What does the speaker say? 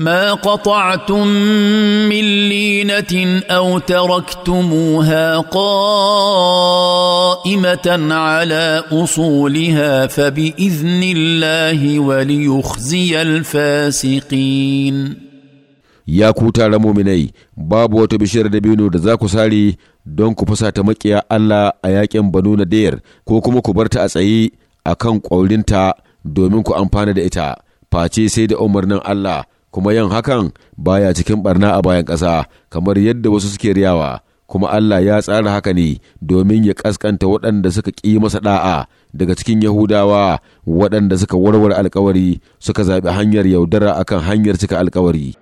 ما قطعتم من لينه او تركتموها قائمه على اصولها فباذن الله وليخزي الفاسقين ya ku muminai babu wata bishiyar dabino da za ku sare don ku fusata makiya Allah a yakin banuna dayar ko kuma ku barta a tsaye a kan ƙwaurinta domin ku amfana da ita face sai da umarnin Allah kuma yin hakan baya cikin barna a bayan ƙasa kamar yadda wasu suke riyawa kuma Allah ya tsara haka ne domin ya ƙasƙanta waɗanda suka ƙi masa ɗa'a daga cikin Yahudawa waɗanda suka warware alkawari suka zaɓi hanyar yaudara akan hanyar cika alkawari.